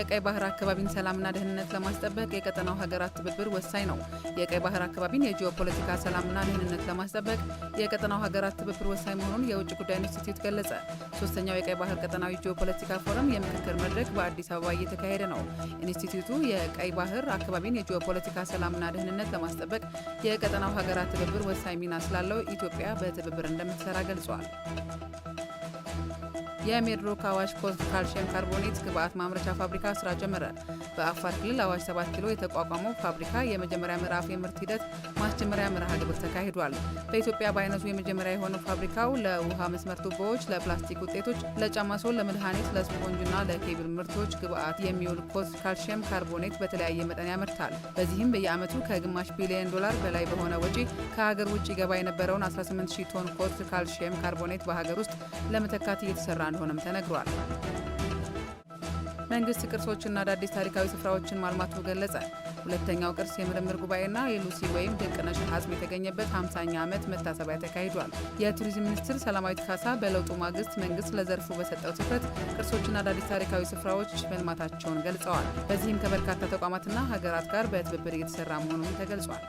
የቀይ ባህር አካባቢን ሰላምና ደህንነት ለማስጠበቅ የቀጠናው ሀገራት ትብብር ወሳኝ ነው። የቀይ ባህር አካባቢን የጂኦፖለቲካ ሰላምና ደህንነት ለማስጠበቅ የቀጠናው ሀገራት ትብብር ወሳኝ መሆኑን የውጭ ጉዳይ ኢንስቲትዩት ገለጸ። ሶስተኛው የቀይ ባህር ቀጠናዊ ጂኦፖለቲካ ፎረም የምክክር መድረክ በአዲስ አበባ እየተካሄደ ነው። ኢንስቲትዩቱ የቀይ ባህር አካባቢን የጂኦፖለቲካ ሰላምና ደህንነት ለማስጠበቅ የቀጠናው ሀገራት ትብብር ወሳኝ ሚና ስላለው ኢትዮጵያ በትብብር እንደምትሰራ ገልጿል። የሜድሮክ አዋሽ ኮልት ካልሽየም ካርቦኔት ግብአት ማምረቻ ፋብሪካ ስራ ጀመረ። በአፋር ክልል አዋሽ 7 ኪሎ የተቋቋመው ፋብሪካ የመጀመሪያ ምዕራፍ የምርት ሂደት ማስጀመሪያ መርሃ ግብር ተካሂዷል። በኢትዮጵያ በአይነቱ የመጀመሪያ የሆነው ፋብሪካው ለውሃ መስመር ቱቦዎች፣ ለፕላስቲክ ውጤቶች፣ ለጫማ ሶል፣ ለመድኃኒት፣ ለስፖንጅና ለኬብል ምርቶች ግብአት የሚውል ኮልት ካልሽየም ካርቦኔት በተለያየ መጠን ያመርታል። በዚህም በየዓመቱ ከግማሽ ቢሊዮን ዶላር በላይ በሆነ ወጪ ከሀገር ውጭ ገባ የነበረውን 180 ቶን ኮልት ካልሽየም ካርቦኔት በሀገር ውስጥ ለመተካት እየተሰራ ነው እንደሆነም ተነግሯል። መንግስት ቅርሶችና አዳዲስ ታሪካዊ ስፍራዎችን ማልማቱ ገለጸ። ሁለተኛው ቅርስ የምርምር ጉባኤና የሉሲ ወይም ድንቅነሽ አጽም የተገኘበት 50ኛ ዓመት መታሰቢያ ተካሂዷል። የቱሪዝም ሚኒስትር ሰላማዊት ካሳ በለውጡ ማግስት መንግስት ለዘርፉ በሰጠው ትኩረት ቅርሶችና አዳዲስ ታሪካዊ ስፍራዎች መልማታቸውን ገልጸዋል። በዚህም ከበርካታ ተቋማትና ሀገራት ጋር በትብብር እየተሰራ መሆኑን ተገልጿል።